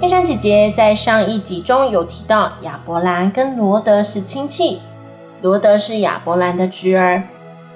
黑山姐姐在上一集中有提到亞伯蘭跟羅德是親戚，羅德是亞伯蘭的侄兒，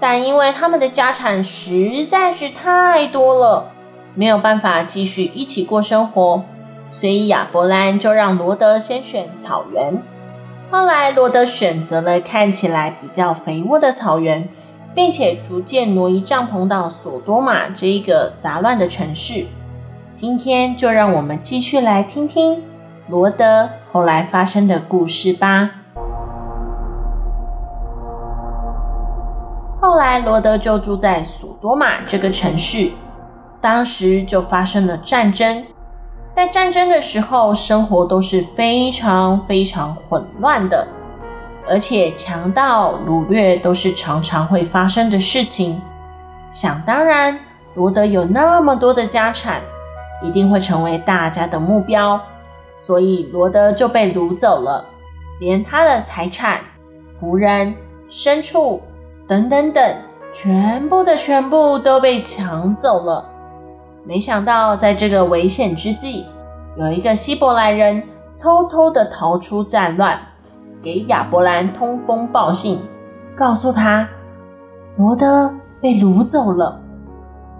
但因為他們的家產實在是太多了，沒有辦法繼續一起過生活，所以亞伯蘭就讓羅德先選草原。後來羅德選擇了看起來比較肥沃的草原，並且逐漸挪移帳篷到索多瑪這一個雜亂的城市。今天就讓我們繼續來聽聽羅得後來發生的故事吧。後來，羅得就住在所多瑪這個城市。當時就發生了戰爭，在戰爭的時候，生活都是非常非常混亂的，而且強盜擄掠都是常常會發生的事情。想當然，羅得有那麼多的家產。一定會成為大家的目標，所以羅德就被擄走了，連他的財產、僕人、牲畜等等等，全部的全部都被搶走了。沒想到，在這個危險之際，有一個希伯來人偷偷的逃出戰亂，給亞伯蘭通風報信，告訴他羅德被擄走了。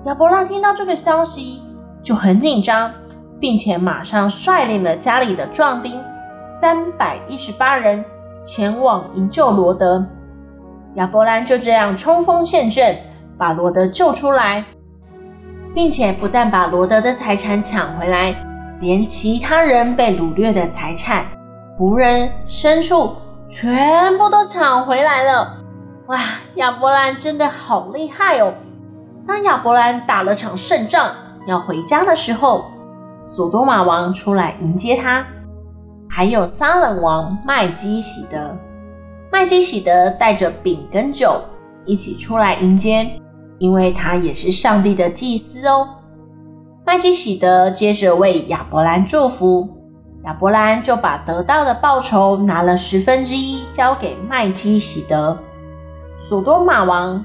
亞伯蘭聽到這個消息。就很緊張，並且馬上率領了家裡的壯丁三百一十八人前往營救羅得。亞伯蘭就這樣衝鋒陷陣，把羅得救出來，並且不但把羅得的財產搶回來，連其他人被擄掠的財產、僕人、牲畜，全部都搶回來了。哇，亞伯蘭真的好厲害哦！當亞伯蘭打了場勝仗。要回家的時候，所多瑪王出來迎接他，還有撒冷王麥基洗德，麥基洗德帶着餅跟酒一起出來迎接，因為他也是上帝的祭司哦。麥基洗德接着為亞伯蘭祝福，亞伯蘭就把得到的報酬拿了十分之一交給麥基洗德。所多瑪王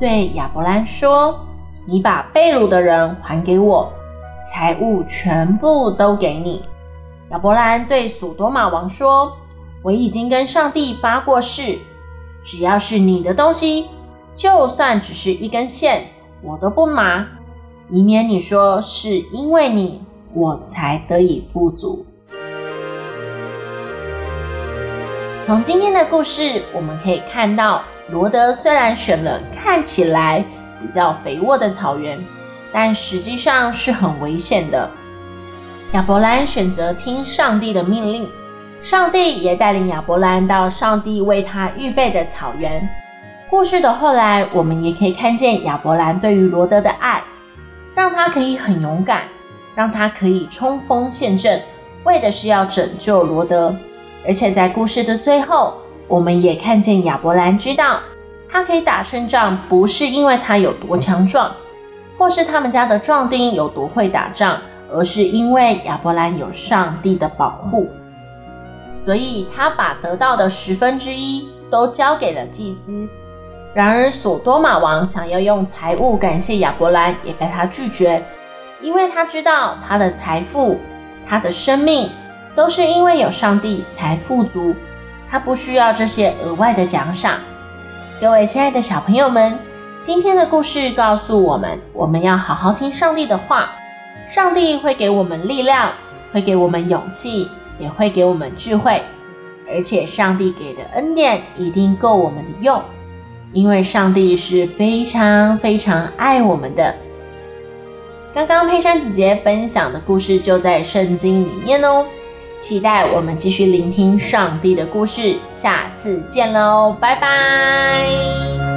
對亞伯蘭說。你把被擄的人還給我，財物全部都給你。亞伯蘭對所多瑪王說：“我已經跟上帝發過誓，只要是你的東西，就算只是一根線，我都不拿，以免你說是因為你我才得以富足。”從今天的故事，我們可以看到，羅得雖然選了看起來。比較肥沃的草原，但實際上是很危險的。亞伯蘭選擇聽上帝的命令，上帝也帶領亞伯蘭到上帝為他預備的草原。故事的後來，我們也可以看見亞伯蘭對於羅得的愛，讓他可以很勇敢，讓他可以衝鋒陷陣，為的是要拯救羅得。而且在故事的最後，我們也看見亞伯蘭知道。他可以打勝仗，不是因為他有多強壯，或是他們家的壯丁有多會打仗，而是因為亞伯蘭有上帝的保護。所以他把得到的十分之一都交給了祭司。然而，所多瑪王想要用財物感謝亞伯蘭，也被他拒絕，因為他知道他的財富、他的生命都是因為有上帝才富足，他不需要這些額外的獎賞。各位親愛的小朋友們，今天的故事告訴我們，我們要好好聽上帝的話。上帝會給我們力量，會給我們勇氣，也會給我們智慧。而且，上帝給的恩典一定夠我們的用，因為上帝是非常非常愛我們的。剛剛佩珊姐姐分享的故事就在聖經裡面哦。期待我們繼續聆聽上帝的故事，下次見嘍，拜拜。